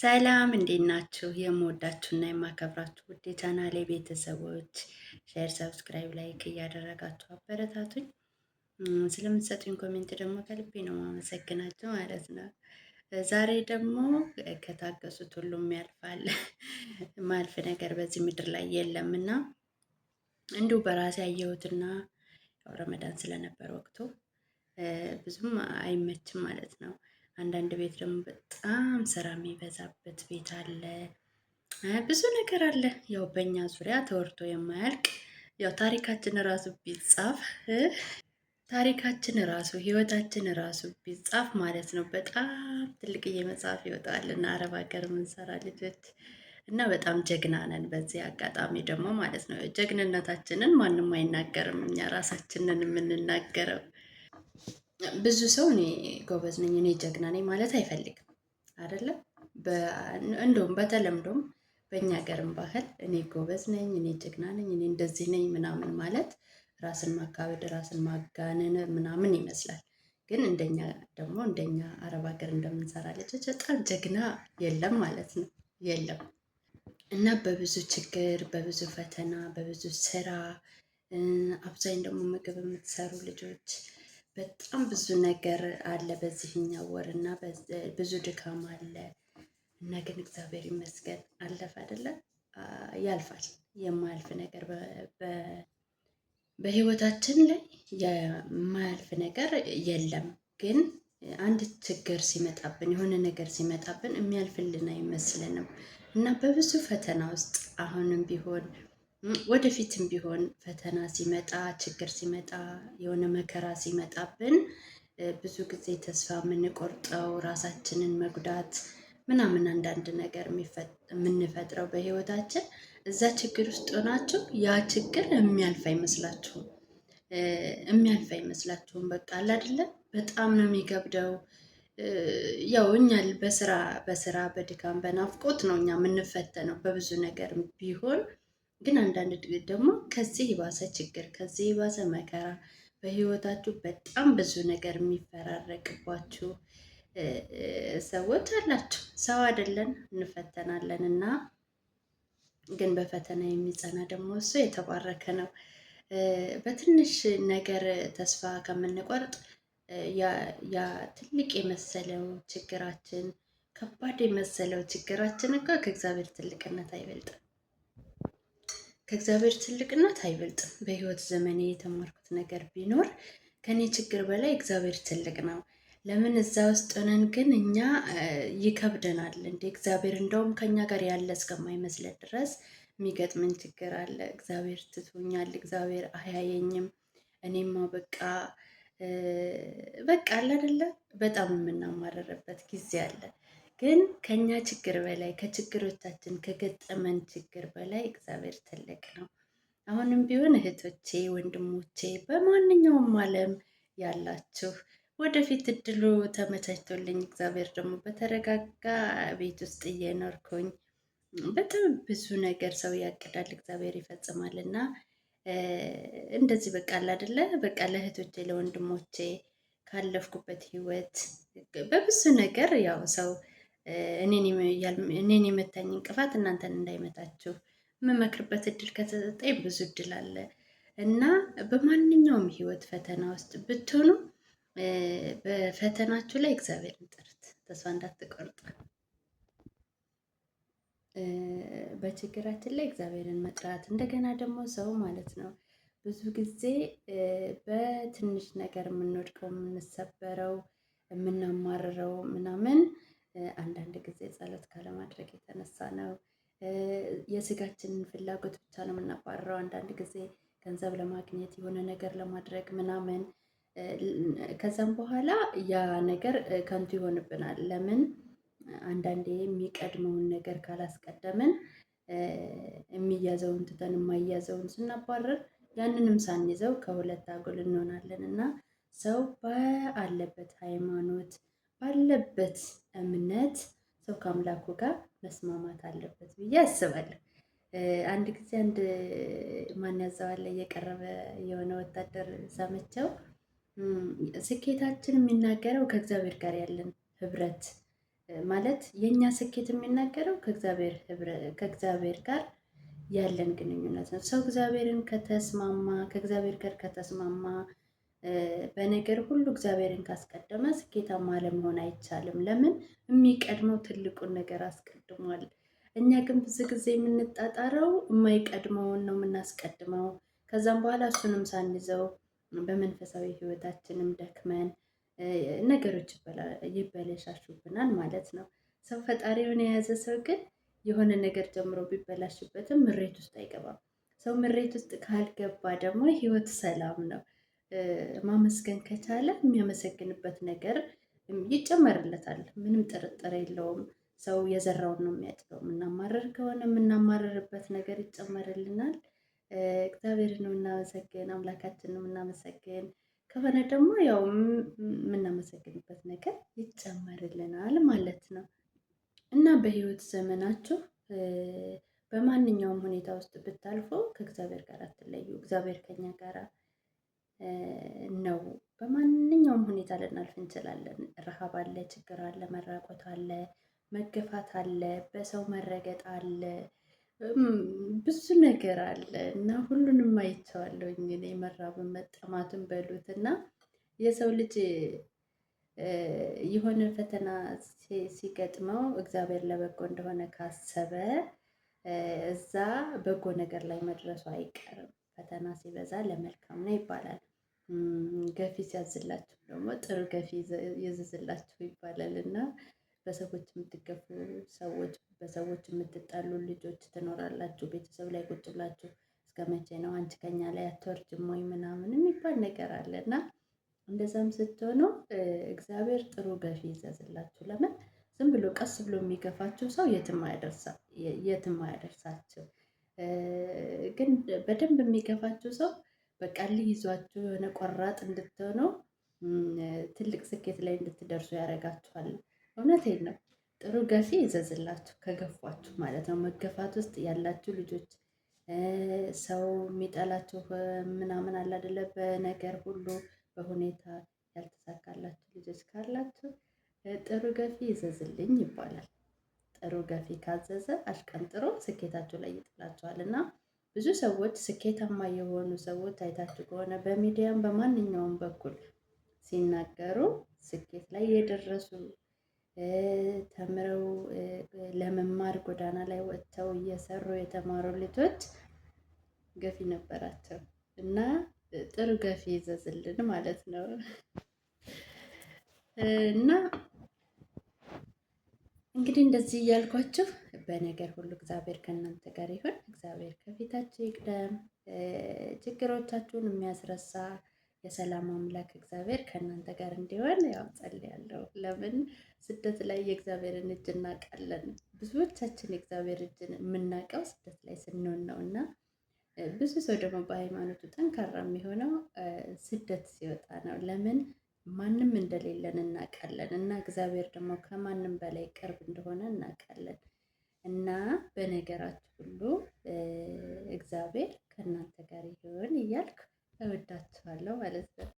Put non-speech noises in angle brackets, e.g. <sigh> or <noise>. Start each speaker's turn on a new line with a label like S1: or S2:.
S1: ሰላም እንዴት ናችሁ? የምወዳችሁና የማከብራችሁ ውድ የቻናሌ ቤተሰቦች ሼር፣ ሰብስክራይብ፣ ላይክ እያደረጋችሁ አበረታቱኝ። ስለምትሰጡኝ ኮሜንት ደግሞ ከልቤ ነው ማመሰግናችሁ ማለት ነው። ዛሬ ደግሞ ከታገሱት ሁሉም ያልፋል። <laughs> ማልፍ ነገር በዚህ ምድር ላይ የለም እና እንዲሁ በራሴ ያየሁትና ያው ረመዳን ስለነበር ወቅቱ ብዙም አይመችም ማለት ነው አንዳንድ ቤት ደግሞ በጣም ስራ የሚበዛበት ቤት አለ። ብዙ ነገር አለ። ያው በእኛ ዙሪያ ተወርቶ የማያልቅ ያው ታሪካችን ራሱ ቢጻፍ ታሪካችን ራሱ ህይወታችን ራሱ ቢጻፍ ማለት ነው በጣም ትልቅዬ መጽሐፍ ይወጣል እና አረብ ሀገር ምንሰራ ልጆች እና በጣም ጀግና ነን። በዚህ አጋጣሚ ደግሞ ማለት ነው ጀግንነታችንን ማንም አይናገርም፣ እኛ ራሳችንን የምንናገረው ብዙ ሰው እኔ ጎበዝ ነኝ እኔ ጀግና ነኝ ማለት አይፈልግም አይደለም። እንደውም በተለምዶም በእኛ ሀገርም ባህል እኔ ጎበዝ ነኝ፣ እኔ ጀግና ነኝ፣ እኔ እንደዚህ ነኝ ምናምን ማለት ራስን ማካበድ፣ ራስን ማጋነን ምናምን ይመስላል። ግን እንደኛ ደግሞ እንደኛ አረብ ሀገር እንደምንሰራ ልጆች በጣም ጀግና የለም ማለት ነው የለም። እና በብዙ ችግር፣ በብዙ ፈተና፣ በብዙ ስራ አብዛኝ ደግሞ ምግብ የምትሰሩ ልጆች በጣም ብዙ ነገር አለ በዚህኛው ወር እና ብዙ ድካም አለ እና ግን እግዚአብሔር ይመስገን አለፍ አይደለ? ያልፋል። የማያልፍ ነገር በህይወታችን ላይ የማያልፍ ነገር የለም። ግን አንድ ችግር ሲመጣብን የሆነ ነገር ሲመጣብን የሚያልፍልን አይመስልንም እና በብዙ ፈተና ውስጥ አሁንም ቢሆን ወደፊትም ቢሆን ፈተና ሲመጣ፣ ችግር ሲመጣ፣ የሆነ መከራ ሲመጣብን ብዙ ጊዜ ተስፋ የምንቆርጠው ራሳችንን መጉዳት ምናምን አንዳንድ ነገር የምንፈጥረው በህይወታችን እዛ ችግር ውስጥ ሆናችሁ ያ ችግር የሚያልፍ አይመስላችሁም የሚያልፍ አይመስላችሁም። በቃ አለ አይደለም፣ በጣም ነው የሚገብደው። ያው እኛ በስራ በስራ በድካም በናፍቆት ነው እኛ የምንፈተነው በብዙ ነገር ቢሆን ግን አንዳንድ ደግሞ ከዚህ የባሰ ችግር ከዚህ የባሰ መከራ በህይወታችሁ በጣም ብዙ ነገር የሚፈራረቅባችሁ ሰዎች አላችሁ። ሰው አይደለን እንፈተናለን እና ግን በፈተና የሚጸና ደግሞ እሱ የተባረከ ነው። በትንሽ ነገር ተስፋ ከምንቆርጥ ያ ትልቅ የመሰለው ችግራችን ከባድ የመሰለው ችግራችን እኮ ከእግዚአብሔር ትልቅነት አይበልጥም። ከእግዚአብሔር ትልቅነት አይበልጥም። በህይወት ዘመኔ የተማርኩት ነገር ቢኖር ከኔ ችግር በላይ እግዚአብሔር ትልቅ ነው። ለምን እዛ ውስጥ ሆነን ግን እኛ ይከብደናል እንዴ? እግዚአብሔር እንደውም ከኛ ጋር ያለ እስከማይመስለን ድረስ የሚገጥምን ችግር አለ። እግዚአብሔር ትቶኛል፣ እግዚአብሔር አያየኝም፣ እኔማ በቃ በቃ አለ አይደለ በጣም የምናማረርበት ጊዜ አለን። ግን ከኛ ችግር በላይ ከችግሮቻችን ከገጠመን ችግር በላይ እግዚአብሔር ትልቅ ነው። አሁንም ቢሆን እህቶቼ፣ ወንድሞቼ በማንኛውም ዓለም ያላችሁ ወደፊት እድሉ ተመቻችቶልኝ እግዚአብሔር ደግሞ በተረጋጋ ቤት ውስጥ እየኖርኩኝ በጣም ብዙ ነገር ሰው ያቅዳል እግዚአብሔር ይፈጽማል እና እንደዚህ በቃ አይደለ በቃ ለእህቶቼ ለወንድሞቼ ካለፍኩበት ህይወት በብዙ ነገር ያው ሰው እኔን የመታኝ እንቅፋት እናንተን እንዳይመታችሁ የምመክርበት እድል ከተሰጠኝ ብዙ እድል አለ እና በማንኛውም ህይወት ፈተና ውስጥ ብትሆኑ በፈተናችሁ ላይ እግዚአብሔርን ጥሩት፣ ተስፋ እንዳትቆርጡ። በችግራችን ላይ እግዚአብሔርን መጥራት እንደገና ደግሞ ሰው ማለት ነው። ብዙ ጊዜ በትንሽ ነገር የምንወድቀው የምንሰበረው፣ የምናማርረው ምናምን አንዳንድ ጊዜ ጸሎት ካለማድረግ የተነሳ ነው። የስጋችንን ፍላጎት ብቻ ነው የምናባረረው። አንዳንድ ጊዜ ገንዘብ ለማግኘት የሆነ ነገር ለማድረግ ምናምን፣ ከዛም በኋላ ያ ነገር ከንቱ ይሆንብናል። ለምን አንዳንዴ የሚቀድመውን ነገር ካላስቀደምን የሚያዘውን ትተን የማያዘውን ስናባረር ያንንም ሳንይዘው ከሁለት አጉል እንሆናለን እና ሰው በአለበት ሃይማኖት ባለበት እምነት ሰው ከአምላኩ ጋር መስማማት አለበት ብዬ አስባለሁ። አንድ ጊዜ አንድ ማን ያዘዋለ እየቀረበ የሆነ ወታደር ሰምቸው ስኬታችን የሚናገረው ከእግዚአብሔር ጋር ያለን ህብረት ማለት የእኛ ስኬት የሚናገረው ከእግዚአብሔር ጋር ያለን ግንኙነት ነው። ሰው እግዚአብሔርን ከተስማማ ከእግዚአብሔር ጋር ከተስማማ በነገር ሁሉ እግዚአብሔርን ካስቀደመ ስኬታማ ለመሆን አይቻልም። ለምን የሚቀድመው ትልቁን ነገር አስቀድሟል። እኛ ግን ብዙ ጊዜ የምንጣጣረው የማይቀድመውን ነው የምናስቀድመው። ከዛም በኋላ እሱንም ሳንይዘው በመንፈሳዊ ህይወታችንም ደክመን ነገሮች ይበለሻሹብናል ማለት ነው። ሰው ፈጣሪውን የያዘ ሰው ግን የሆነ ነገር ጀምሮ ቢበላሽበትም ምሬት ውስጥ አይገባም። ሰው ምሬት ውስጥ ካልገባ ደግሞ ህይወት ሰላም ነው። ማመስገን ከቻለ የሚያመሰግንበት ነገር ይጨመርለታል። ምንም ጥርጥር የለውም። ሰው የዘራውን ነው የሚያጭደው። የምናማረር ከሆነ የምናማረርበት ነገር ይጨመርልናል። ነው የምናመሰግን ነው የምናመሰግን ከሆነ ደግሞ ያው የምናመሰግንበት ነገር ይጨመርልናል ማለት ነው እና በህይወት ዘመናችሁ በማንኛውም ሁኔታ ውስጥ ብታልፈው ከእግዚአብሔር ጋር አትለዩ። እግዚአብሔር ከኛ ጋር ነው። በማንኛውም ሁኔታ ልናልፍ እንችላለን። ረሃብ አለ፣ ችግር አለ፣ መራቆት አለ፣ መገፋት አለ፣ በሰው መረገጥ አለ፣ ብዙ ነገር አለ እና ሁሉንም አይቼዋለሁኝ እኔ መራብን መጠማትን በሉት እና የሰው ልጅ የሆነ ፈተና ሲገጥመው እግዚአብሔር ለበጎ እንደሆነ ካሰበ እዛ በጎ ነገር ላይ መድረሱ አይቀርም። ፈተና ሲበዛ ለመልካም ነው ይባላል። ገፊ ሲያዝላችሁ ደግሞ ጥሩ ገፊ ይዝዝላችሁ ይባላል እና በሰዎች የምትገፉ ሰዎች፣ በሰዎች የምትጣሉ ልጆች ትኖራላችሁ። ቤተሰብ ላይ ቁጭ ብላችሁ እስከ መቼ ነው አንቺ ከኛ ላይ አትወርጅም ወይ ምናምን የሚባል ነገር አለ እና እንደዛም ስትሆኑ እግዚአብሔር ጥሩ ገፊ ይዘዝላችሁ። ለምን ዝም ብሎ ቀስ ብሎ የሚገፋችሁ ሰው የትም አያደርሳችሁ። ግን በደንብ የሚገባቸው ሰው በቃ ይዟቸው የሆነ ቆራጥ እንድትሆነው ትልቅ ስኬት ላይ እንድትደርሱ ያደርጋችኋል። እውነቴን ነው። ጥሩ ገፊ ይዘዝላችሁ ከገፏችሁ ማለት ነው። መገፋት ውስጥ ያላችሁ ልጆች ሰው የሚጠላችሁ ምናምን አለ አይደለ? በነገር ሁሉ በሁኔታ ያልተሳካላችሁ ልጆች ካላችሁ ጥሩ ገፊ ይዘዝልኝ ይባላል። ጥሩ ገፊ ካዘዘ አሽቀንጥሮ ስኬታቸው ላይ ይጥላቸዋል እና ብዙ ሰዎች ስኬታማ የሆኑ ሰዎች አይታችሁ ከሆነ በሚዲያም በማንኛውም በኩል ሲናገሩ ስኬት ላይ የደረሱ ተምረው ለመማር ጎዳና ላይ ወጥተው እየሰሩ የተማሩ ልጆች ገፊ ነበራቸው እና ጥሩ ገፊ ይዘዝልን ማለት ነው እና እንግዲህ እንደዚህ እያልኳችሁ በነገር ሁሉ እግዚአብሔር ከእናንተ ጋር ይሁን። እግዚአብሔር ከፊታችሁ ይቅደም። ችግሮቻችሁን የሚያስረሳ የሰላም አምላክ እግዚአብሔር ከእናንተ ጋር እንዲሆን ያው ጸልያለሁ። ለምን ስደት ላይ የእግዚአብሔርን እጅ እናውቃለን። ብዙዎቻችን የእግዚአብሔር እጅን የምናውቀው ስደት ላይ ስንሆን ነው እና ብዙ ሰው ደግሞ በሃይማኖቱ ጠንካራ የሚሆነው ስደት ሲወጣ ነው። ለምን ማንም እንደሌለን እናውቃለን እና እግዚአብሔር ደግሞ ከማንም በላይ ቅርብ እንደሆነ እናውቃለን እና በነገራችሁ ሁሉ እግዚአብሔር ከእናንተ ጋር ይሆን እያልኩ እወዳችኋለሁ ማለት ነው።